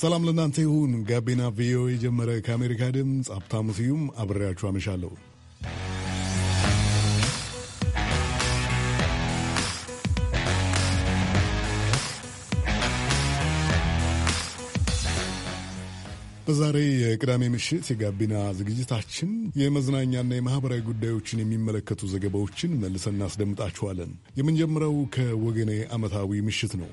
ሰላም ለእናንተ ይሁን። ጋቢና ቪኦኤ የጀመረ ከአሜሪካ ድምፅ ሀብታሙ ስዩም አብሬያችሁ አመሻለሁ። በዛሬ የቅዳሜ ምሽት የጋቢና ዝግጅታችን የመዝናኛና የማህበራዊ ጉዳዮችን የሚመለከቱ ዘገባዎችን መልሰን እናስደምጣችኋለን። የምንጀምረው ከወገኔ ዓመታዊ ምሽት ነው።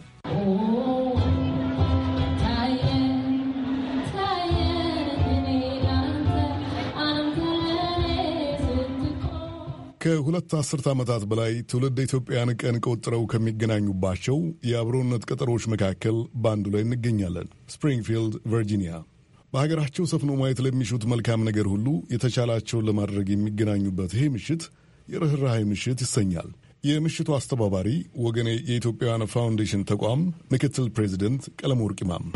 ከሁለት አስርት ዓመታት በላይ ትውልድ ኢትዮጵያን ቀን ቆጥረው ከሚገናኙባቸው የአብሮነት ቀጠሮዎች መካከል በአንዱ ላይ እንገኛለን። ስፕሪንግፊልድ ቨርጂኒያ። በሀገራቸው ሰፍኖ ማየት ለሚሹት መልካም ነገር ሁሉ የተቻላቸውን ለማድረግ የሚገናኙበት ይሄ ምሽት የርኅራኄ ምሽት ይሰኛል። የምሽቱ አስተባባሪ ወገኔ የኢትዮጵያውያን ፋውንዴሽን ተቋም ምክትል ፕሬዚደንት ቀለም ወርቅ ማም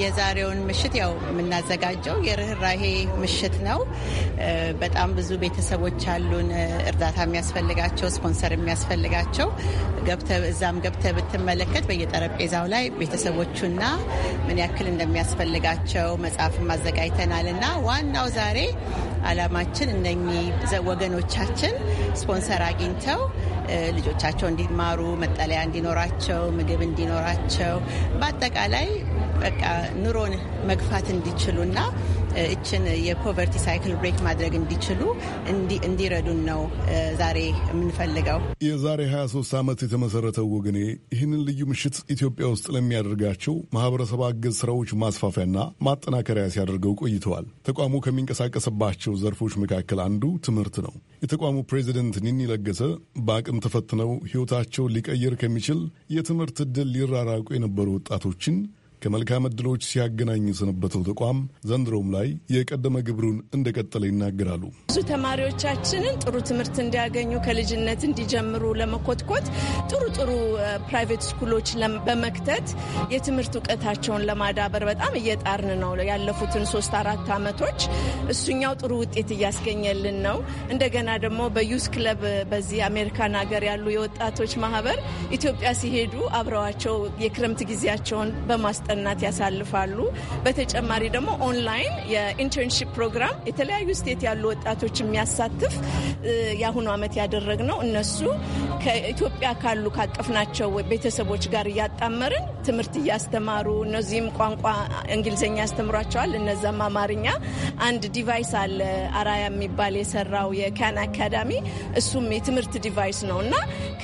የዛሬውን ምሽት ያው የምናዘጋጀው የርኅራሄ ምሽት ነው። በጣም ብዙ ቤተሰቦች አሉን፣ እርዳታ የሚያስፈልጋቸው ስፖንሰር የሚያስፈልጋቸው እዛም ገብተ ብትመለከት በየጠረጴዛው ላይ ቤተሰቦቹና ምን ያክል እንደሚያስፈልጋቸው መጽሐፍም አዘጋጅተናል እና ዋናው ዛሬ አላማችን እነኚህ ወገኖቻችን ስፖንሰር አግኝተው ልጆቻቸው እንዲማሩ፣ መጠለያ እንዲኖራቸው፣ ምግብ እንዲኖራቸው በአጠቃላይ በቃ ኑሮን መግፋት እንዲችሉና እችን የፖቨርቲ ሳይክል ብሬክ ማድረግ እንዲችሉ እንዲረዱን ነው ዛሬ የምንፈልገው። የዛሬ 23 ዓመት የተመሰረተው ወገኔ ይህንን ልዩ ምሽት ኢትዮጵያ ውስጥ ለሚያደርጋቸው ማህበረሰብ አገዝ ስራዎች ማስፋፊያና ማጠናከሪያ ሲያደርገው ቆይተዋል። ተቋሙ ከሚንቀሳቀስባቸው ዘርፎች መካከል አንዱ ትምህርት ነው። የተቋሙ ፕሬዚደንት ኒኒ ለገሰ በአቅም ተፈትነው ሕይወታቸውን ሊቀይር ከሚችል የትምህርት ዕድል ሊራራቁ የነበሩ ወጣቶችን ከመልካም ዕድሎች ሲያገናኝ የሰነበተው ተቋም ዘንድሮም ላይ የቀደመ ግብሩን እንደቀጠለ ይናገራሉ። ብዙ ተማሪዎቻችንን ጥሩ ትምህርት እንዲያገኙ ከልጅነት እንዲጀምሩ ለመኮትኮት ጥሩ ጥሩ ፕራይቬት ስኩሎች በመክተት የትምህርት እውቀታቸውን ለማዳበር በጣም እየጣርን ነው። ያለፉትን ሶስት አራት አመቶች እሱኛው ጥሩ ውጤት እያስገኘልን ነው። እንደገና ደግሞ በዩስ ክለብ በዚህ አሜሪካን ሀገር ያሉ የወጣቶች ማህበር ኢትዮጵያ ሲሄዱ አብረዋቸው የክረምት ጊዜያቸውን በማስጠ በማስጠናት ያሳልፋሉ። በተጨማሪ ደግሞ ኦንላይን የኢንተርንሺፕ ፕሮግራም የተለያዩ ስቴት ያሉ ወጣቶች የሚያሳትፍ የአሁኑ ዓመት ነው። እነሱ ከኢትዮጵያ ካሉ ካቀፍናቸው ቤተሰቦች ጋር እያጣመርን ትምህርት እያስተማሩ እነዚህም ቋንቋ እንግሊዝኛ ያስተምሯቸዋል፣ እነዛም አማርኛ። አንድ ዲቫይስ አለ አራያ የሚባል የሰራው የካን አካዳሚ እሱም የትምህርት ዲቫይስ ነው እና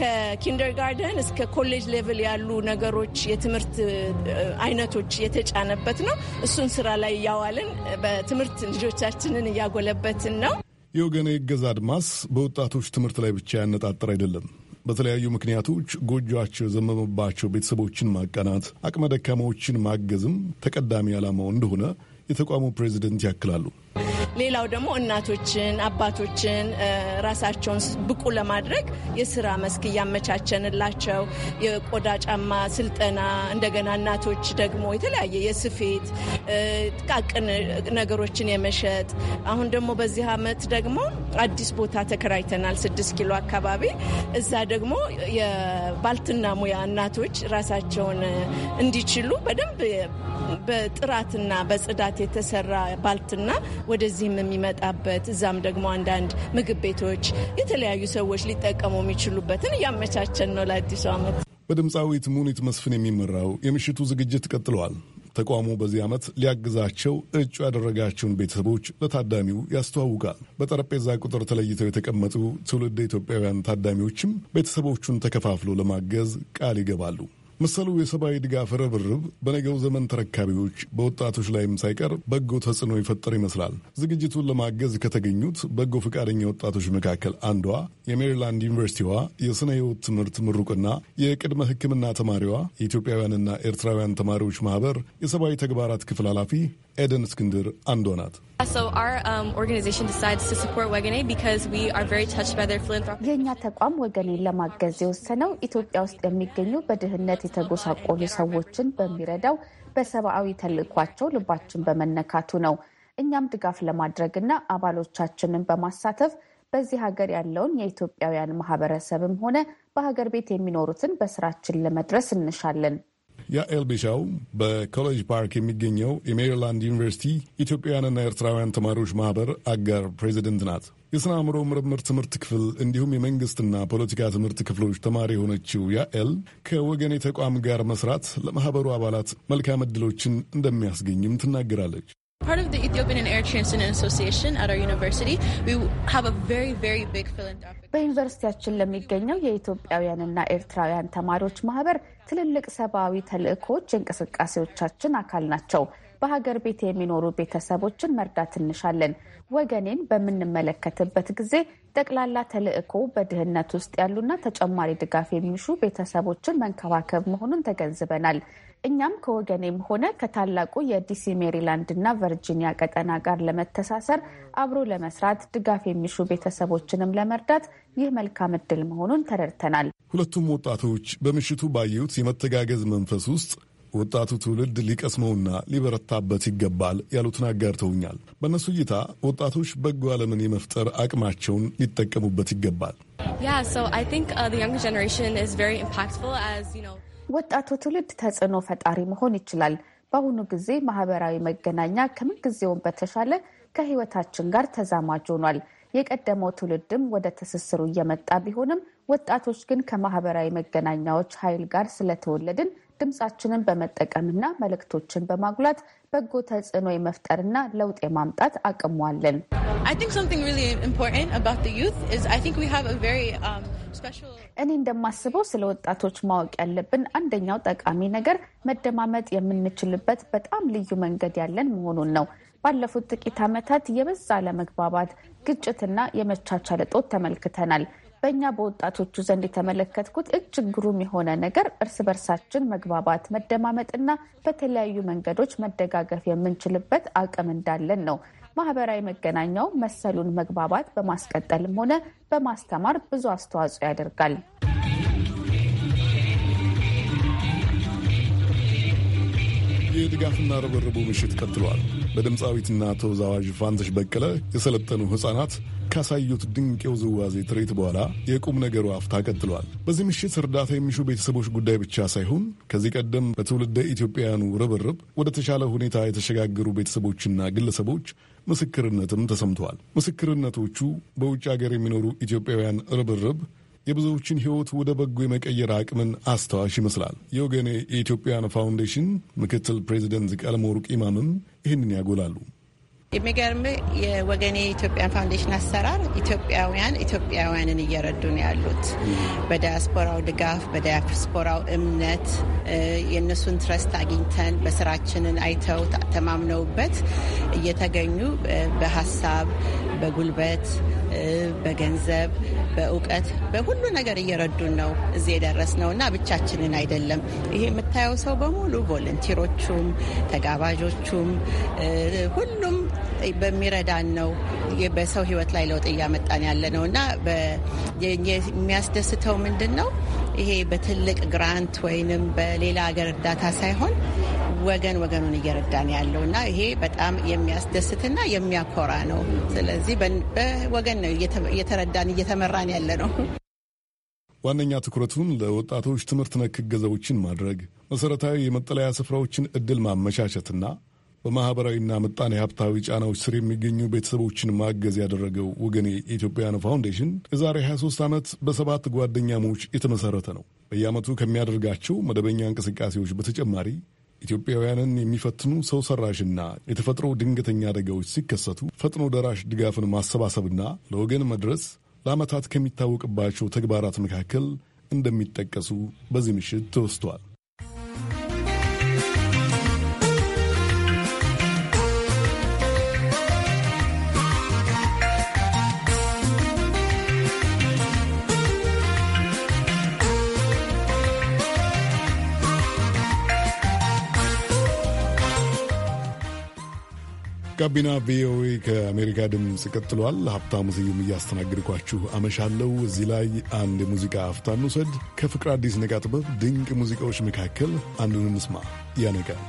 ከኪንደርጋርደን እስከ ኮሌጅ ሌቭል ያሉ ነገሮች የትምህርት እምነቶች የተጫነበት ነው። እሱን ስራ ላይ እያዋልን በትምህርት ልጆቻችንን እያጎለበትን ነው። የወገኔ እገዛ አድማስ በወጣቶች ትምህርት ላይ ብቻ ያነጣጠር አይደለም። በተለያዩ ምክንያቶች ጎጆቸው የዘመመባቸው ቤተሰቦችን ማቀናት፣ አቅመ ደካማዎችን ማገዝም ተቀዳሚ ዓላማው እንደሆነ የተቋሙ ፕሬዚደንት ያክላሉ። ሌላው ደግሞ እናቶችን፣ አባቶችን ራሳቸውን ብቁ ለማድረግ የስራ መስክ እያመቻቸንላቸው የቆዳ ጫማ ስልጠና፣ እንደገና እናቶች ደግሞ የተለያየ የስፌት ጥቃቅን ነገሮችን የመሸጥ አሁን ደግሞ በዚህ አመት ደግሞ አዲስ ቦታ ተከራይተናል፣ ስድስት ኪሎ አካባቢ። እዛ ደግሞ የባልትና ሙያ እናቶች ራሳቸውን እንዲችሉ በደንብ በጥራትና በጽዳት የተሰራ ባልትና ወደዚህም የሚመጣበት እዛም ደግሞ አንዳንድ ምግብ ቤቶች፣ የተለያዩ ሰዎች ሊጠቀሙ የሚችሉበትን እያመቻቸን ነው ለአዲሱ ዓመት። በድምፃዊት ሙኒት መስፍን የሚመራው የምሽቱ ዝግጅት ቀጥለዋል። ተቋሙ በዚህ ዓመት ሊያግዛቸው እጩ ያደረጋቸውን ቤተሰቦች ለታዳሚው ያስተዋውቃል። በጠረጴዛ ቁጥር ተለይተው የተቀመጡ ትውልድ ኢትዮጵያውያን ታዳሚዎችም ቤተሰቦቹን ተከፋፍሎ ለማገዝ ቃል ይገባሉ። መሰሉ የሰብአዊ ድጋፍ ርብርብ በነገው ዘመን ተረካቢዎች በወጣቶች ላይም ሳይቀር በጎ ተጽዕኖ ይፈጠር ይመስላል። ዝግጅቱን ለማገዝ ከተገኙት በጎ ፈቃደኛ ወጣቶች መካከል አንዷ የሜሪላንድ ዩኒቨርሲቲዋ የስነ ሕይወት ትምህርት ምሩቅና የቅድመ ሕክምና ተማሪዋ የኢትዮጵያውያንና ኤርትራውያን ተማሪዎች ማህበር የሰብአዊ ተግባራት ክፍል ኃላፊ ኤደን እስክንድር አንዷ ናት። um, የእኛ ተቋም ወገኔን ለማገዝ የወሰነው ኢትዮጵያ ውስጥ የሚገኙ በድህነት የተጎሳቆሉ ሰዎችን በሚረዳው በሰብአዊ ተልዕኳቸው ልባችን በመነካቱ ነው። እኛም ድጋፍ ለማድረግና አባሎቻችንን በማሳተፍ በዚህ ሀገር ያለውን የኢትዮጵያውያን ማህበረሰብም ሆነ በሀገር ቤት የሚኖሩትን በስራችን ለመድረስ እንሻለን። ያኤል ቢሻው በኮሌጅ ፓርክ የሚገኘው የሜሪላንድ ዩኒቨርሲቲ ኢትዮጵያውያንና ኤርትራውያን ተማሪዎች ማህበር አጋር ፕሬዚደንት ናት። የሥነ አእምሮ ምርምር ትምህርት ክፍል እንዲሁም የመንግሥትና ፖለቲካ ትምህርት ክፍሎች ተማሪ የሆነችው ያኤል ከወገኔ ተቋም ጋር መስራት ለማኅበሩ አባላት መልካም ዕድሎችን እንደሚያስገኝም ትናገራለች። በዩኒቨርሲቲያችን ለሚገኘው የኢትዮጵያውያንና ኤርትራውያን ተማሪዎች ማህበር ትልልቅ ሰብአዊ ተልእኮዎች የእንቅስቃሴዎቻችን አካል ናቸው። በሀገር ቤት የሚኖሩ ቤተሰቦችን መርዳት እንሻለን። ወገኔን በምንመለከትበት ጊዜ ጠቅላላ ተልእኮ በድህነት ውስጥ ያሉና ተጨማሪ ድጋፍ የሚሹ ቤተሰቦችን መንከባከብ መሆኑን ተገንዝበናል። እኛም ከወገኔም ሆነ ከታላቁ የዲሲ ሜሪላንድ እና ቨርጂኒያ ቀጠና ጋር ለመተሳሰር አብሮ ለመስራት ድጋፍ የሚሹ ቤተሰቦችንም ለመርዳት ይህ መልካም እድል መሆኑን ተረድተናል። ሁለቱም ወጣቶች በምሽቱ ባየሁት የመተጋገዝ መንፈስ ውስጥ ወጣቱ ትውልድ ሊቀስመውና ሊበረታበት ይገባል ያሉትን አጋርተውኛል። በእነሱ እይታ ወጣቶች በጎ ዓለምን የመፍጠር አቅማቸውን ሊጠቀሙበት ይገባል። ወጣቱ ትውልድ ተጽዕኖ ፈጣሪ መሆን ይችላል። በአሁኑ ጊዜ ማህበራዊ መገናኛ ከምንጊዜውም በተሻለ ከህይወታችን ጋር ተዛማጅ ሆኗል። የቀደመው ትውልድም ወደ ትስስሩ እየመጣ ቢሆንም ወጣቶች ግን ከማህበራዊ መገናኛዎች ኃይል ጋር ስለተወለድን ድምፃችንን በመጠቀምና መልእክቶችን በማጉላት በጎ ተጽዕኖ የመፍጠርና ለውጥ የማምጣት አቅሟለን። um, እኔ እንደማስበው ስለ ወጣቶች ማወቅ ያለብን አንደኛው ጠቃሚ ነገር መደማመጥ የምንችልበት በጣም ልዩ መንገድ ያለን መሆኑን ነው። ባለፉት ጥቂት ዓመታት የበዛ ለመግባባት ግጭትና የመቻቻል እጦት ተመልክተናል። በእኛ በወጣቶቹ ዘንድ የተመለከትኩት እጅግ ግሩም የሆነ ነገር እርስ በርሳችን መግባባት፣ መደማመጥና በተለያዩ መንገዶች መደጋገፍ የምንችልበት አቅም እንዳለን ነው። ማህበራዊ መገናኛው መሰሉን መግባባት በማስቀጠልም ሆነ በማስተማር ብዙ አስተዋጽኦ ያደርጋል። የድጋፍና ርብርቡ ምሽት ቀጥሏል። በድምፃዊትና ተወዛዋዥ ፋንተሽ በቀለ የሰለጠኑ ሕፃናት ካሳዩት ድንቅ የውዝዋዜ ትርኢት በኋላ የቁም ነገሩ አፍታ ቀጥሏል። በዚህ ምሽት እርዳታ የሚሹ ቤተሰቦች ጉዳይ ብቻ ሳይሆን ከዚህ ቀደም በትውልደ ኢትዮጵያውያኑ ርብርብ ወደ ተሻለ ሁኔታ የተሸጋገሩ ቤተሰቦችና ግለሰቦች ምስክርነትም ተሰምተዋል። ምስክርነቶቹ በውጭ ሀገር የሚኖሩ ኢትዮጵያውያን ርብርብ የብዙዎችን ሕይወት ወደ በጎ የመቀየር አቅምን አስተዋሽ ይመስላል። የወገኔ የኢትዮጵያን ፋውንዴሽን ምክትል ፕሬዚደንት ቀለመወርቅ ኢማምም ይህንን ያጎላሉ። የሚገርም የወገኔ የኢትዮጵያ ፋውንዴሽን አሰራር ኢትዮጵያውያን ኢትዮጵያውያንን እየረዱ ነው ያሉት። በዳያስፖራው ድጋፍ፣ በዳያስፖራው እምነት የእነሱን ትረስት አግኝተን በስራችንን አይተው ተማምነውበት እየተገኙ በሀሳብ በጉልበት፣ በገንዘብ፣ በእውቀት፣ በሁሉ ነገር እየረዱን ነው እዚህ የደረስ ነው እና ብቻችንን አይደለም። ይሄ የምታየው ሰው በሙሉ ቮለንቲሮቹም፣ ተጋባዦቹም ሁሉም በሚረዳን ነው በሰው ህይወት ላይ ለውጥ እያመጣን ያለ ነው እና የሚያስደስተው ምንድን ነው ይሄ በትልቅ ግራንት ወይንም በሌላ ሀገር እርዳታ ሳይሆን ወገን ወገኑን እየረዳን ያለው እና ይሄ በጣም የሚያስደስትና የሚያኮራ ነው። ስለዚህ በወገን ነው እየተረዳን እየተመራን ያለ ነው። ዋነኛ ትኩረቱን ለወጣቶች ትምህርት ነክ እገዛዎችን ማድረግ፣ መሠረታዊ የመጠለያ ስፍራዎችን ዕድል ማመቻቸትና በማኅበራዊና ምጣኔ ሀብታዊ ጫናዎች ስር የሚገኙ ቤተሰቦችን ማገዝ ያደረገው ወገኔ ኢትዮጵያን ፋውንዴሽን የዛሬ 23 ዓመት በሰባት ጓደኛሞች የተመሠረተ ነው። በየዓመቱ ከሚያደርጋቸው መደበኛ እንቅስቃሴዎች በተጨማሪ ኢትዮጵያውያንን የሚፈትኑ ሰው ሰራሽና የተፈጥሮ ድንገተኛ አደጋዎች ሲከሰቱ ፈጥኖ ደራሽ ድጋፍን ማሰባሰብና ለወገን መድረስ ለዓመታት ከሚታወቅባቸው ተግባራት መካከል እንደሚጠቀሱ በዚህ ምሽት ተወስቷል። ጋቢና ቪኦኤ ከአሜሪካ ድምፅ ቀጥሏል። ሀብታሙ ስዩም እያስተናግድኳችሁ አመሻለሁ። እዚህ ላይ አንድ የሙዚቃ አፍታ እንውሰድ። ከፍቅር አዲስ ነቃ ጥበብ ድንቅ ሙዚቃዎች መካከል አንዱን እንስማ። ያነጋል።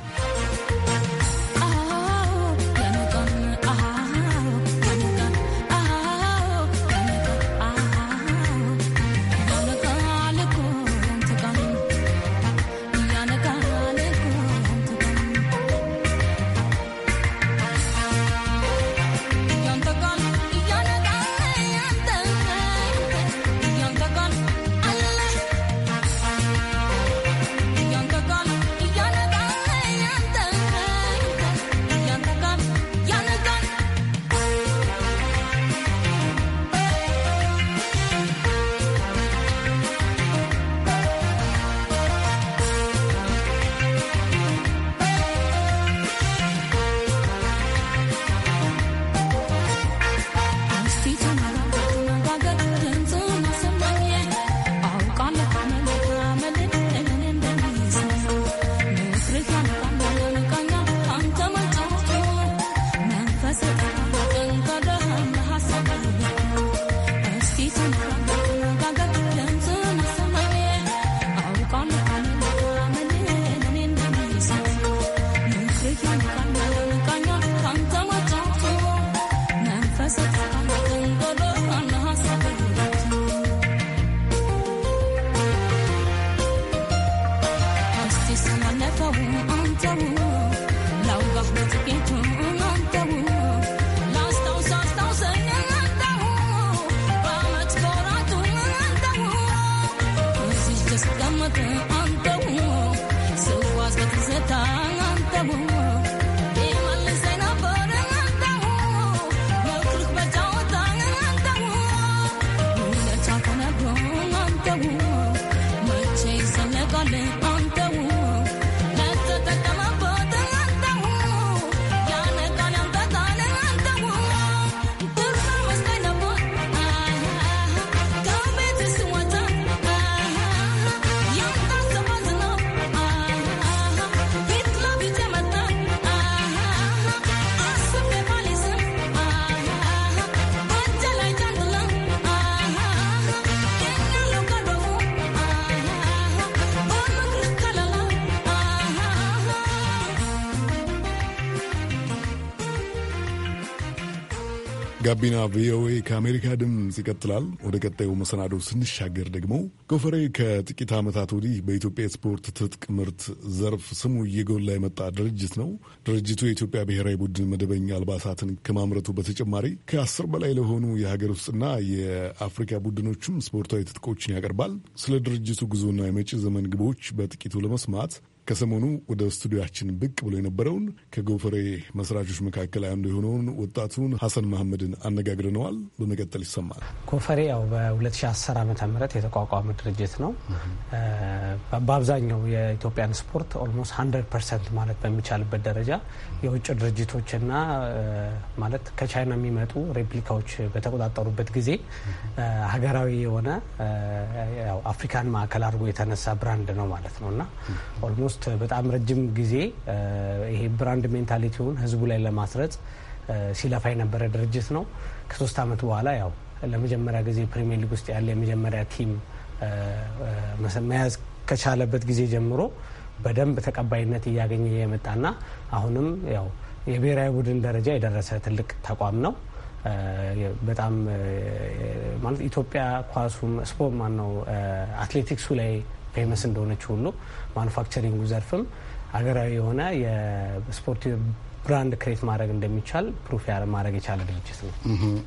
ጋቢና ቪኦኤ ከአሜሪካ ድምፅ ይቀጥላል። ወደ ቀጣዩ መሰናዶ ስንሻገር ደግሞ ጎፈሬ ከጥቂት ዓመታት ወዲህ በኢትዮጵያ የስፖርት ትጥቅ ምርት ዘርፍ ስሙ እየጎላ የመጣ ድርጅት ነው። ድርጅቱ የኢትዮጵያ ብሔራዊ ቡድን መደበኛ አልባሳትን ከማምረቱ በተጨማሪ ከአስር በላይ ለሆኑ የሀገር ውስጥና የአፍሪካ ቡድኖችም ስፖርታዊ ትጥቆችን ያቀርባል። ስለ ድርጅቱ ጉዞና የመጪ ዘመን ግቦች በጥቂቱ ለመስማት ከሰሞኑ ወደ ስቱዲያችን ብቅ ብሎ የነበረውን ከጎፈሬ መስራቾች መካከል አንዱ የሆነውን ወጣቱን ሀሰን መሐመድን አነጋግረነዋል። በመቀጠል ይሰማል። ጎፈሬ ያው በ2010 ዓ ም የተቋቋመ ድርጅት ነው። በአብዛኛው የኢትዮጵያን ስፖርት ኦልሞስት 100 ፐርሰንት ማለት በሚቻልበት ደረጃ የውጭ ድርጅቶችና ማለት ከቻይና የሚመጡ ሬፕሊካዎች በተቆጣጠሩበት ጊዜ ሀገራዊ የሆነ አፍሪካን ማዕከል አድርጎ የተነሳ ብራንድ ነው ማለት ነው እና ኦልሞስት ውስጥ በጣም ረጅም ጊዜ ይሄ ብራንድ ሜንታሊቲውን ህዝቡ ላይ ለማስረጽ ሲለፋ የነበረ ድርጅት ነው። ከሶስት አመት በኋላ ያው ለመጀመሪያ ጊዜ ፕሪሚየር ሊግ ውስጥ ያለ የመጀመሪያ ቲም መያዝ ከቻለበት ጊዜ ጀምሮ በደንብ ተቀባይነት እያገኘ የመጣና አሁንም ያው የብሔራዊ ቡድን ደረጃ የደረሰ ትልቅ ተቋም ነው። በጣም ማለት ኢትዮጵያ ኳሱ ስፖርት ማን ነው አትሌቲክሱ ላይ ፌመስ እንደሆነች ሁሉ ማኑፋክቸሪንጉ ዘርፍም ሀገራዊ የሆነ የስፖርት ብራንድ ክሬት ማድረግ እንደሚቻል ፕሩፍ ማድረግ የቻለ ድርጅት ነው።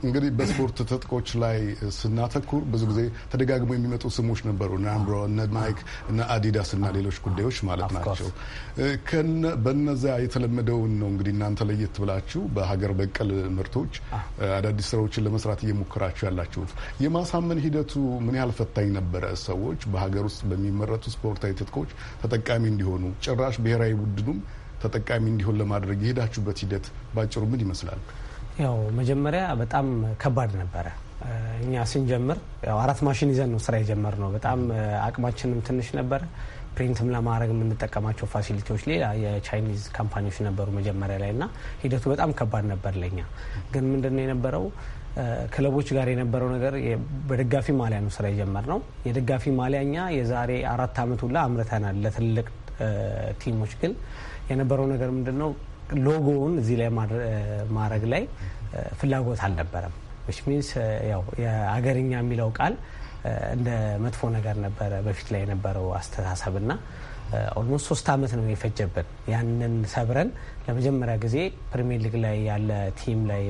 እንግዲህ በስፖርት ትጥቆች ላይ ስናተኩር ብዙ ጊዜ ተደጋግሞ የሚመጡ ስሞች ነበሩ። እነ እነ ናይክ፣ እነ አዲዳስ እና ሌሎች ጉዳዮች ማለት ናቸው። በነዚያ የተለመደውን ነው እንግዲህ እናንተ ለየት ብላችሁ በሀገር በቀል ምርቶች አዳዲስ ስራዎችን ለመስራት እየሞከራችሁ ያላችሁት። የማሳመን ሂደቱ ምን ያህል ፈታኝ ነበረ? ሰዎች በሀገር ውስጥ በሚመረቱ ስፖርታዊ ትጥቆች ተጠቃሚ እንዲሆኑ ጭራሽ ብሔራዊ ቡድኑም ተጠቃሚ እንዲሆን ለማድረግ የሄዳችሁበት ሂደት ባጭሩ ምን ይመስላል? ያው መጀመሪያ በጣም ከባድ ነበረ። እኛ ስንጀምር ያው አራት ማሽን ይዘን ነው ስራ የጀመር ነው። በጣም አቅማችንም ትንሽ ነበረ። ፕሪንትም ለማድረግ የምንጠቀማቸው ፋሲሊቲዎች ሌላ የቻይኒዝ ካምፓኒዎች ነበሩ መጀመሪያ ላይ እና ሂደቱ በጣም ከባድ ነበር ለኛ። ግን ምንድነው የነበረው ክለቦች ጋር የነበረው ነገር በደጋፊ ማሊያ ነው ስራ የጀመር ነው። የደጋፊ ማሊያ እኛ የዛሬ አራት አመት ሁላ አምርተናል ለትልቅ ቲሞች ግን የነበረው ነገር ምንድን ነው? ሎጎውን እዚህ ላይ ማድረግ ላይ ፍላጎት አልነበረም። ዊች ሚንስ ያው የአገርኛ የሚለው ቃል እንደ መጥፎ ነገር ነበረ በፊት ላይ የነበረው አስተሳሰብ ና ኦልሞስት ሶስት አመት ነው የፈጀብን። ያንን ሰብረን ለመጀመሪያ ጊዜ ፕሪሚየር ሊግ ላይ ያለ ቲም ላይ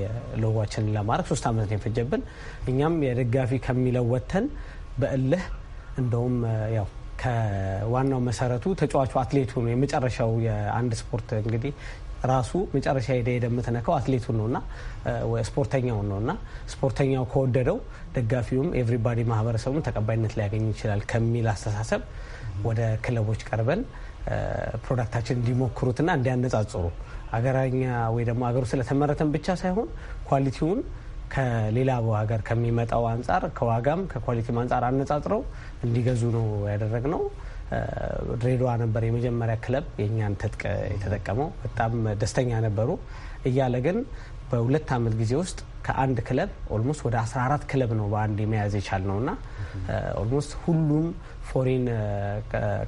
ሎጓችንን ለማድረግ ሶስት አመት ነው የፈጀብን። እኛም የደጋፊ ከሚለው በእልህ እንደውም ያው ከዋናው መሰረቱ ተጫዋቹ አትሌቱ ነው። የመጨረሻው የአንድ ስፖርት እንግዲህ ራሱ መጨረሻ ሄደ ሄደ የምትነካው አትሌቱን ነውና ስፖርተኛውን እና ስፖርተኛው ከወደደው ደጋፊውም ኤቭሪባዲ ማህበረሰቡም ተቀባይነት ሊያገኝ ይችላል ከሚል አስተሳሰብ ወደ ክለቦች ቀርበን ፕሮዳክታችን እንዲሞክሩትና እንዲያነጻጽሩ አገራኛ ወይ ደግሞ አገሩ ስለተመረተን ብቻ ሳይሆን ኳሊቲውን ከሌላ ሀገር ከሚመጣው አንጻር ከዋጋም ከኳሊቲም አንጻር አነጻጽረው እንዲገዙ ነው ያደረግ ነው። ድሬዳዋ ነበር የመጀመሪያ ክለብ የእኛን ትጥቅ የተጠቀመው። በጣም ደስተኛ ነበሩ። እያለ ግን በሁለት አመት ጊዜ ውስጥ ከአንድ ክለብ ኦልሞስት ወደ 14 ክለብ ነው በአንድ የመያዝ የቻል ነው እና ኦልሞስት ሁሉም ፎሪን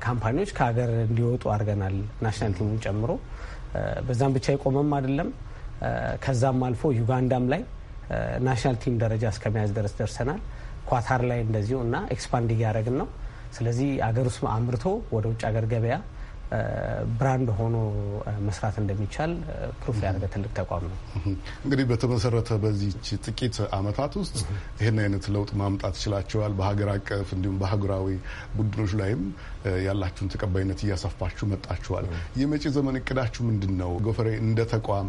ካምፓኒዎች ከሀገር እንዲወጡ አድርገናል፣ ናሽናል ቲሙን ጨምሮ። በዛም ብቻ የቆመም አይደለም። ከዛም አልፎ ዩጋንዳም ላይ ናሽናል ቲም ደረጃ እስከመያዝ ድረስ ደርሰናል። ኳታር ላይ እንደዚሁ እና ኤክስፓንድ እያደረግን ነው። ስለዚህ አገር ውስጥ አምርቶ ወደ ውጭ አገር ገበያ ብራንድ ሆኖ መስራት እንደሚቻል ፕሩፍ ያደረገ ትልቅ ተቋም ነው። እንግዲህ በተመሰረተ በዚች ጥቂት አመታት ውስጥ ይህን አይነት ለውጥ ማምጣት ችላቸዋል። በሀገር አቀፍ እንዲሁም በሀገራዊ ቡድኖች ላይም ያላችሁን ተቀባይነት እያሰፋችሁ መጣችኋል። የመጪ ዘመን እቅዳችሁ ምንድን ነው? ጎፈሬ እንደ ተቋም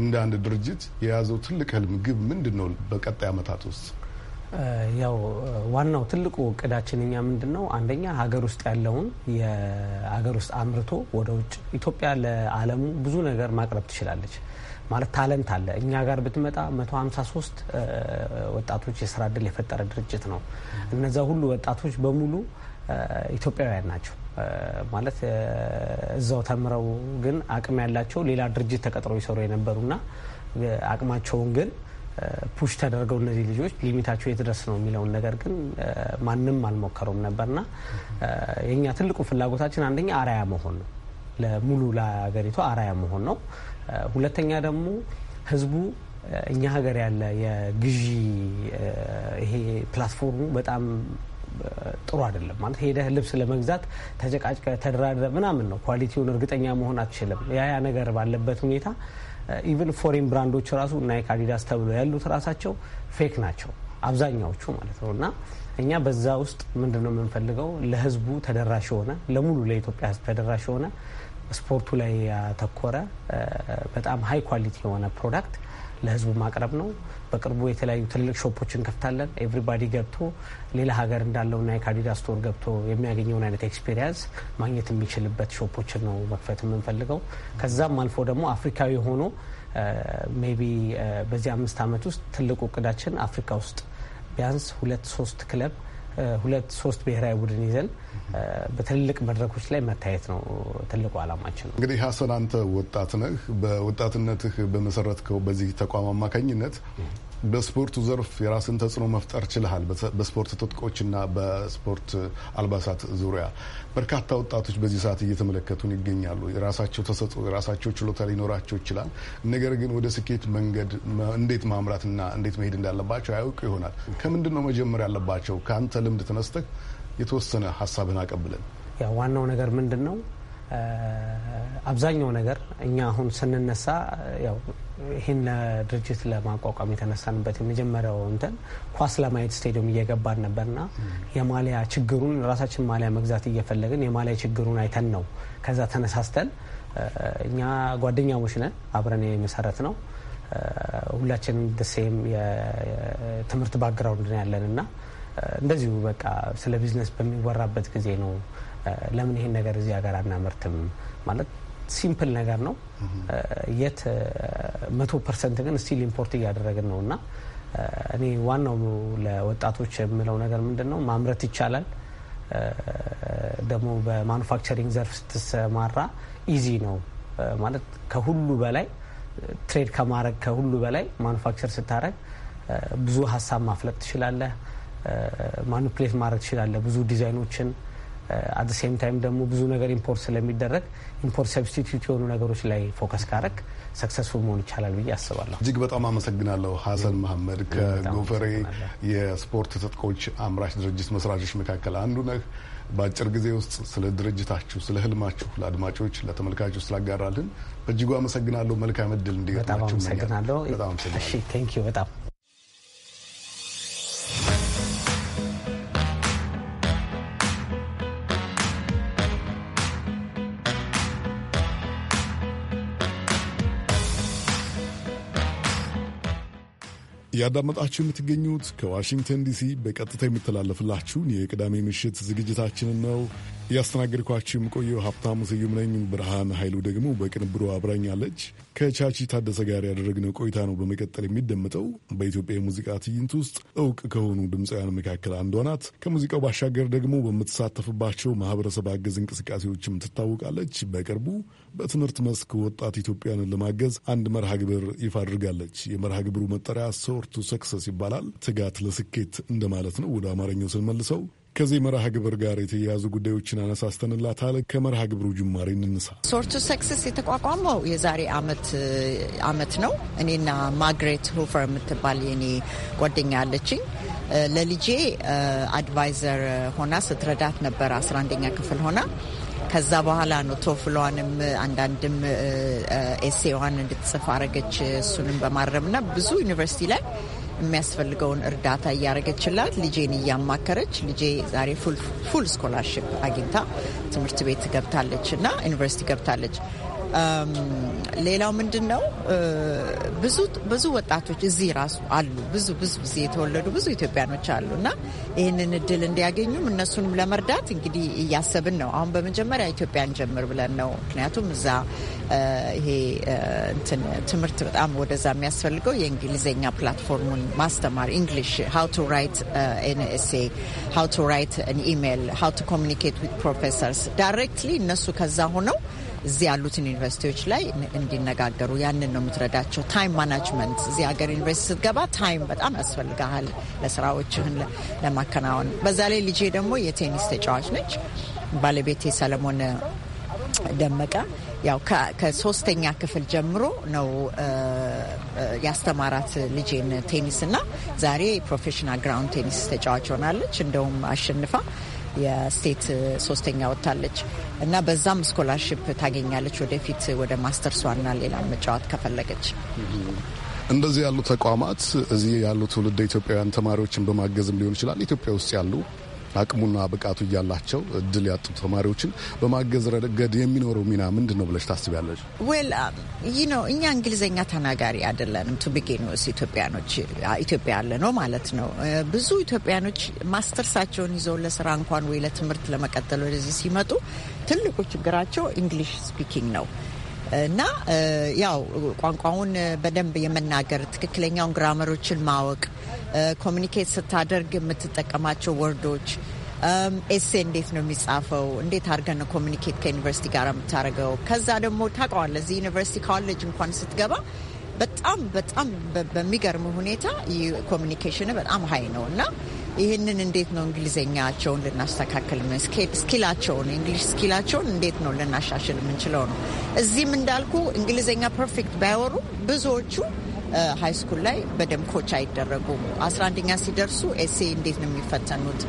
እንደ አንድ ድርጅት የያዘው ትልቅ ህልም ግብ ምንድን ነው በቀጣይ ዓመታት ውስጥ? ያው ዋናው ትልቁ እቅዳችን እኛ ምንድን ነው አንደኛ ሀገር ውስጥ ያለውን የሀገር ውስጥ አምርቶ ወደ ውጭ ኢትዮጵያ ለዓለሙ ብዙ ነገር ማቅረብ ትችላለች። ማለት ታለንት አለ። እኛ ጋር ብትመጣ 153 ወጣቶች የስራ እድል የፈጠረ ድርጅት ነው። እነዛ ሁሉ ወጣቶች በሙሉ ኢትዮጵያውያን ናቸው። ማለት እዛው ተምረው ግን አቅም ያላቸው ሌላ ድርጅት ተቀጥረው ይሰሩ የነበሩና አቅማቸውን ግን ፑሽ ተደርገው እነዚህ ልጆች ሊሚታቸው የት ድረስ ነው የሚለውን ነገር ግን ማንም አልሞከረውም ነበርና የእኛ ትልቁ ፍላጎታችን አንደኛ አርአያ መሆን ነው፣ ለሙሉ ለሀገሪቱ አርአያ መሆን ነው። ሁለተኛ ደግሞ ህዝቡ እኛ ሀገር ያለ የግዢ ይሄ ፕላትፎርሙ በጣም ጥሩ አይደለም። ማለት ሄደህ ልብስ ለመግዛት ተጨቃጭቀ ተደራድረ ምናምን ነው ኳሊቲውን እርግጠኛ መሆን አትችልም። ያ ያ ነገር ባለበት ሁኔታ ኢቨን ፎሬን ብራንዶች ራሱ ናይክ፣ አዲዳስ ተብሎ ያሉት ራሳቸው ፌክ ናቸው አብዛኛዎቹ ማለት ነው። እና እኛ በዛ ውስጥ ምንድን ነው የምንፈልገው ለህዝቡ ተደራሽ የሆነ ለሙሉ ለኢትዮጵያ ህዝብ ተደራሽ የሆነ ስፖርቱ ላይ ያተኮረ uh, በጣም ሀይ ኳሊቲ የሆነ ፕሮዳክት ለህዝቡ ማቅረብ ነው። በቅርቡ የተለያዩ ትልልቅ ሾፖችን ከፍታለን። ኤቭሪባዲ ገብቶ ሌላ ሀገር እንዳለውና የካዲዳ ስቶር ገብቶ የሚያገኘውን አይነት ኤክስፔሪንስ ማግኘት የሚችልበት ሾፖችን ነው መክፈት የምንፈልገው። ከዛም አልፎ ደግሞ አፍሪካዊ ሆኖ ሜቢ በዚህ አምስት ዓመት ውስጥ ትልቁ እቅዳችን አፍሪካ ውስጥ ቢያንስ ሁለት ሶስት ክለብ ሁለት ሶስት ብሔራዊ ቡድን ይዘን በትልልቅ መድረኮች ላይ መታየት ነው ትልቁ ነው። እንግዲህ ሀሰን አንተ ወጣት ነህ። በወጣትነትህ በመሰረትከው በዚህ ተቋም አማካኝነት በስፖርቱ ዘርፍ የራስን ተጽዕኖ መፍጠር ችልሃል። በስፖርት ትጥቆችና በስፖርት አልባሳት ዙሪያ በርካታ ወጣቶች በዚህ ሰዓት እየተመለከቱን ይገኛሉ። የራሳቸው ተሰጥኦ፣ የራሳቸው ችሎታ ሊኖራቸው ይችላል። ነገር ግን ወደ ስኬት መንገድ እንዴት ማምራትና እንዴት መሄድ እንዳለባቸው አያውቁ ይሆናል። ከምንድን ነው መጀመር ያለባቸው? ከአንተ ልምድ ተነስተህ የተወሰነ ሀሳብን አቀብለን። ያው ዋናው ነገር ምንድን ነው? አብዛኛው ነገር እኛ አሁን ስንነሳ ያው ይህን ድርጅት ለማቋቋም የተነሳንበት የመጀመሪያው እንትን ኳስ ለማየት ስቴዲየም እየገባን ነበርና የማሊያ ችግሩን ራሳችን ማሊያ መግዛት እየፈለግን የማሊያ ችግሩን አይተን ነው። ከዛ ተነሳስተን እኛ ጓደኛሞች ነን፣ አብረን የመሰረት ነው። ሁላችንም ደሴም የትምህርት ባክግራውንድ ነው ያለን እና እንደዚሁ በቃ ስለ ቢዝነስ በሚወራበት ጊዜ ነው ለምን ይሄን ነገር እዚህ ሀገር አናመርትም ማለት ሲምፕል ነገር ነው። የት መቶ ፐርሰንት ግን ስቲል ኢምፖርት እያደረግን ነው እና እኔ ዋናው ለወጣቶች የምለው ነገር ምንድን ነው፣ ማምረት ይቻላል። ደግሞ በማኑፋክቸሪንግ ዘርፍ ስትሰማራ ኢዚ ነው ማለት ከሁሉ በላይ ትሬድ ከማድረግ ከሁሉ በላይ ማኑፋክቸር ስታደረግ ብዙ ሀሳብ ማፍለጥ ትችላለህ። ማኒፕሌት ማድረግ ትችላለህ ብዙ ዲዛይኖችን አት ሴም ታይም ደግሞ ብዙ ነገር ኢምፖርት ስለሚደረግ ኢምፖርት ሰብስቲቱት የሆኑ ነገሮች ላይ ፎከስ ካረክ ሰክሰስፉል መሆን ይቻላል ብዬ አስባለሁ። እጅግ በጣም አመሰግናለሁ ሀሰን መሐመድ ከጎፈሬ የስፖርት ትጥቆች አምራች ድርጅት መስራቾች መካከል አንዱ ነህ። በአጭር ጊዜ ውስጥ ስለ ድርጅታችሁ፣ ስለ ህልማችሁ ለአድማጮች ለተመልካቾች ስላጋራልን በእጅጉ አመሰግናለሁ። መልካም እድል እንዲገጥማችሁ። በጣም አመሰግናለሁ። በጣም እያዳመጣችሁ የምትገኙት ከዋሽንግተን ዲሲ በቀጥታ የሚተላለፍላችሁን የቅዳሜ ምሽት ዝግጅታችንን ነው። እያስተናገድኳችሁ የምቆየው ሀብታሙ ስዩም ነኝ። ብርሃን ኃይሉ ደግሞ በቅንብሩ አብራኛለች። ከቻቺ ታደሰ ጋር ያደረግነው ቆይታ ነው በመቀጠል የሚደመጠው። በኢትዮጵያ የሙዚቃ ትዕይንት ውስጥ እውቅ ከሆኑ ድምፃውያን መካከል አንዷ ናት። ከሙዚቃው ባሻገር ደግሞ በምትሳተፍባቸው ማህበረሰብ አገዝ እንቅስቃሴዎችም ትታወቃለች። በቅርቡ በትምህርት መስክ ወጣት ኢትዮጵያንን ለማገዝ አንድ መርሃ ግብር ይፋ አድርጋለች። የመርሃ ግብሩ መጠሪያ ሶርቱ ሰክሰስ ይባላል። ትጋት ለስኬት እንደማለት ነው ወደ አማርኛው ስንመልሰው ከዚህ መርሃ ግብር ጋር የተያያዙ ጉዳዮችን አነሳስተንላታል። ከመርሃ ግብሩ ጅማሬ እንነሳ። ሶርቱ ሰክሰስ የተቋቋመው የዛሬ አመት አመት ነው። እኔና ማግሬት ሁፈር የምትባል የኔ ጓደኛ አለችኝ ለልጄ አድቫይዘር uh, ሆና ስትረዳት ነበር 11ኛ ክፍል ሆና ከዛ በኋላ ነው ቶፍሏንም አንዳንድም ኤሴዋን uh, uh, እንድትጽፍ አረገች። እሱንም በማረምና ብዙ ዩኒቨርሲቲ ላይ የሚያስፈልገውን እርዳታ እያደረገችላት ልጄን እያማከረች ልጄ ዛሬ ፉል ስኮላርሽፕ አግኝታ ትምህርት ቤት ገብታለች እና ዩኒቨርሲቲ ገብታለች። ሌላው ምንድን ነው ብዙ ብዙ ወጣቶች እዚህ ራሱ አሉ። ብዙ ብዙ ጊዜ የተወለዱ ብዙ ኢትዮጵያኖች አሉ እና ይህንን እድል እንዲያገኙም እነሱንም ለመርዳት እንግዲህ እያሰብን ነው። አሁን በመጀመሪያ ኢትዮጵያን ጀምር ብለን ነው። ምክንያቱም እዛ ይሄ እንትን ትምህርት በጣም ወደዛ የሚያስፈልገው የእንግሊዝኛ ፕላትፎርሙን ማስተማር ኢንግሊሽ፣ ሀው ቱ ራይት ኤን ሀው ቱ ራይት ኢሜል፣ ሀው ቱ ኮሚኒኬት ዊዝ ፕሮፌሰርስ ዳይሬክትሊ እነሱ ከዛ ሆነው እዚህ ያሉትን ዩኒቨርሲቲዎች ላይ እንዲነጋገሩ ያንን ነው የምትረዳቸው። ታይም ማናጅመንት እዚህ ሀገር ዩኒቨርሲቲ ስትገባ ታይም በጣም ያስፈልግሃል ለስራዎችህን ለማከናወን። በዛ ላይ ልጄ ደግሞ የቴኒስ ተጫዋች ነች። ባለቤቴ ሰለሞን ደመቀ ያው ከሶስተኛ ክፍል ጀምሮ ነው ያስተማራት ልጄን ቴኒስ እና ዛሬ ፕሮፌሽናል ግራውንድ ቴኒስ ተጫዋች ሆናለች። እንደውም አሸንፋ የስቴት ሶስተኛ ወጥታለች እና በዛም ስኮላርሽፕ ታገኛለች ወደፊት ወደ ማስተርሷና ሌላ መጫወት ከፈለገች። እንደዚህ ያሉ ተቋማት እዚህ ያሉ ትውልድ ኢትዮጵያውያን ተማሪዎችን በማገዝም ሊሆን ይችላል ኢትዮጵያ ውስጥ ያሉ አቅሙና ብቃቱ እያላቸው እድል ያጡ ተማሪዎችን በማገዝ ረገድ የሚኖረው ሚና ምንድን ነው ብለሽ ታስቢያለሽ? ነው um, እኛ እንግሊዝኛ ተናጋሪ አይደለንም። ቱቢጌኖስ ኢትዮጵያኖች ኢትዮጵያ ያለ ነው ማለት ነው። ብዙ ኢትዮጵያኖች ማስተርሳቸውን ይዘው ለስራ እንኳን ወይ ለትምህርት ለመቀጠል ወደዚህ ሲመጡ ትልቁ ችግራቸው እንግሊሽ ስፒኪንግ ነው እና ያው ቋንቋውን በደንብ የመናገር ትክክለኛውን ግራመሮችን ማወቅ ኮሚኒኬት ስታደርግ የምትጠቀማቸው ወርዶች ኤሴ እንዴት ነው የሚጻፈው? እንዴት አድርገን ነው ኮሚኒኬት ከዩኒቨርሲቲ ጋር የምታደርገው? ከዛ ደግሞ ታውቀዋለህ፣ እዚህ ዩኒቨርሲቲ ኮሌጅ እንኳን ስትገባ በጣም በጣም በሚገርም ሁኔታ ኮሚኒኬሽን በጣም ሀይ ነው እና ይህንን እንዴት ነው እንግሊዝኛቸውን ልናስተካክል ስኪላቸውን እንግሊሽ ስኪላቸውን እንዴት ነው ልናሻሽል የምንችለው ነው። እዚህም እንዳልኩ እንግሊዝኛ ፐርፌክት ባይወሩ ብዙዎቹ ሃይስኩል ላይ በደንብ ኮች አይደረጉም። አስራ አንደኛ ሲደርሱ ኤሴ እንዴት ነው የሚፈተኑት?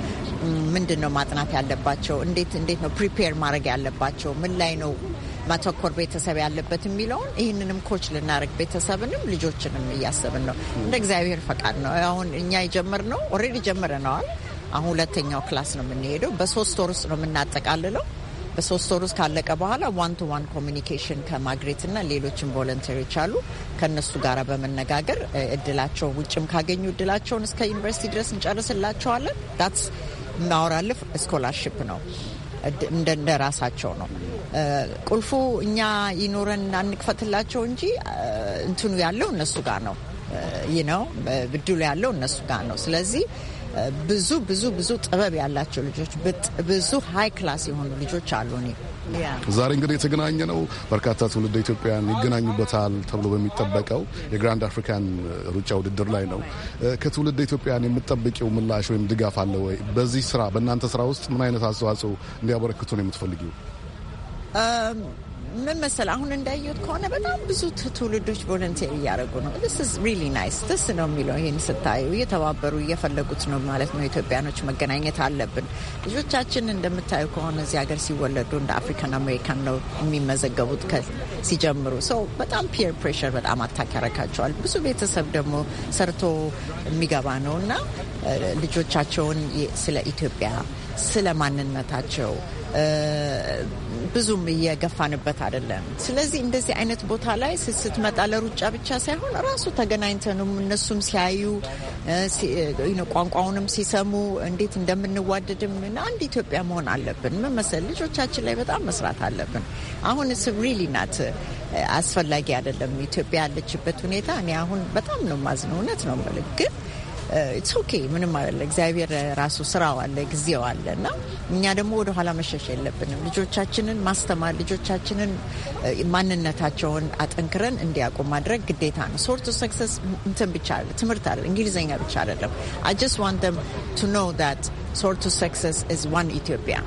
ምንድን ነው ማጥናት ያለባቸው? እንዴት እንዴት ነው ፕሪፔር ማድረግ ያለባቸው? ምን ላይ ነው ማተኮር ቤተሰብ ያለበት የሚለውን ይህንንም ኮች ልናደርግ ቤተሰብንም ልጆችንም እያሰብን ነው። እንደ እግዚአብሔር ፈቃድ ነው። አሁን እኛ የጀመርነው ኦልሬዲ ጀምረነዋል። አሁን ሁለተኛው ክላስ ነው የምንሄደው። በሶስት ወር ውስጥ ነው የምናጠቃልለው። በሶስት ወር ውስጥ ካለቀ በኋላ ዋን ቱ ዋን ኮሚኒኬሽን ከማግሬት እና ሌሎችም ቮለንተሪዎች አሉ። ከእነሱ ጋር በመነጋገር እድላቸው ውጭም ካገኙ እድላቸውን እስከ ዩኒቨርሲቲ ድረስ እንጨርስላቸዋለን። ዳትስ እናወራልፍ ስኮላርሽፕ ነው። እንደ ራሳቸው ነው። ቁልፉ እኛ ይኖረን አንክፈትላቸው እንጂ እንትኑ ያለው እነሱ ጋር ነው። ይህ ነው ብድሉ ያለው እነሱ ጋር ነው። ስለዚህ ብዙ ብዙ ብዙ ጥበብ ያላቸው ልጆች ብዙ ሀይ ክላስ የሆኑ ልጆች አሉ። ዛሬ እንግዲህ የተገናኘ ነው በርካታ ትውልድ ኢትዮጵያውያን ይገናኙበታል ተብሎ በሚጠበቀው የግራንድ አፍሪካን ሩጫ ውድድር ላይ ነው። ከትውልድ ኢትዮጵያውያን የምጠብቂው ምላሽ ወይም ድጋፍ አለ ወይ? በዚህ ስራ በእናንተ ስራ ውስጥ ምን አይነት አስተዋጽኦ እንዲያበረክቱ ነው የምትፈልጊው? ምን መሰል አሁን እንዳየሁት ከሆነ በጣም ብዙ ትውልዶች ቮለንቴር እያደረጉ ነው። ስ ሪሊ ናይስ ደስ ነው የሚለው ይህን ስታዩ፣ እየተባበሩ እየፈለጉት ነው ማለት ነው። ኢትዮጵያኖች መገናኘት አለብን። ልጆቻችን እንደምታዩ ከሆነ እዚህ ሀገር ሲወለዱ እንደ አፍሪካን አሜሪካን ነው የሚመዘገቡት ሲጀምሩ። ሰው በጣም ፒየር ፕሬሽር በጣም አታክ ያረካቸዋል። ብዙ ቤተሰብ ደግሞ ሰርቶ የሚገባ ነው እና ልጆቻቸውን ስለ ኢትዮጵያ፣ ስለ ማንነታቸው ብዙም እየገፋንበት አይደለም። ስለዚህ እንደዚህ አይነት ቦታ ላይ ስትመጣ ለሩጫ ብቻ ሳይሆን ራሱ ተገናኝተንም እነሱም ሲያዩ ቋንቋውንም ሲሰሙ እንዴት እንደምንዋደድም አንድ ኢትዮጵያ መሆን አለብን መመሰል ልጆቻችን ላይ በጣም መስራት አለብን። አሁን ስ ሪሊ ናት አስፈላጊ አይደለም ኢትዮጵያ ያለችበት ሁኔታ። እኔ አሁን በጣም ነው ማዝነው እውነት ነው ግን ኢትስ uh, ኦኬ ምንም አይደለ። እግዚአብሔር ራሱ ስራው አለ፣ ጊዜው አለ እና እኛ ደግሞ ወደኋላ መሸሽ የለብንም። ልጆቻችንን ማስተማር፣ ልጆቻችንን uh, ማንነታቸውን አጠንክረን እንዲያውቁ ማድረግ ግዴታ ነው። ሶርቱ ሰክሰስ እንትን ብቻ አለ ትምህርት አለ እንግሊዝኛ ብቻ አይደለም። አይ ጀስት ዋንት ደም ቱ ኖው ዳት ሶርቱ ሰክሰስ ኢዝ ዋን ኢትዮጵያ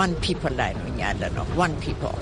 ዋን ፒፕል ላይ ነው እኛ ያለ ነው ዋን ፒፕል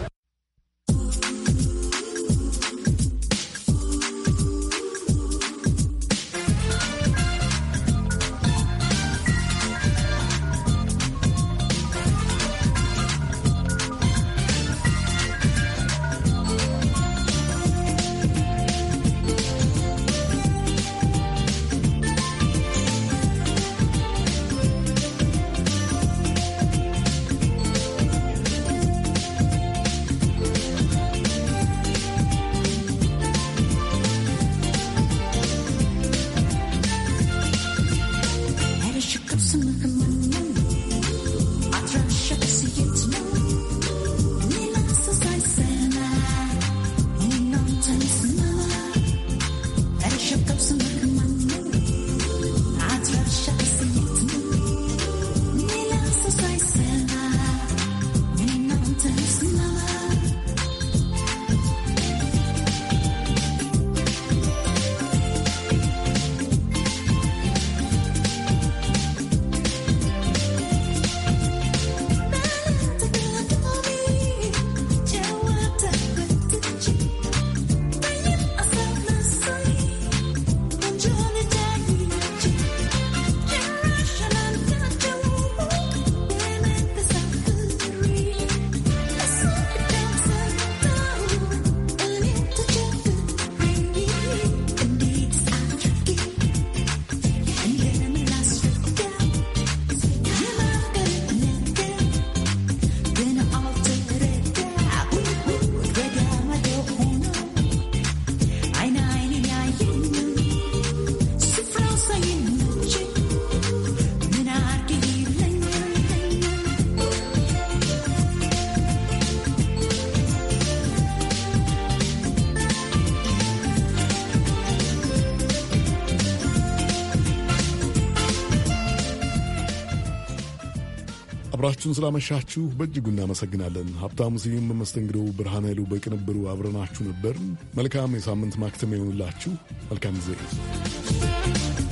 አብራችሁን ስላመሻችሁ በእጅጉ እናመሰግናለን። ሀብታሙ ስዩም በመስተንግዶው፣ ብርሃን ኃይሉ በቅንብሩ አብረናችሁ ነበር። መልካም የሳምንት ማክተም ይሆንላችሁ። መልካም ጊዜ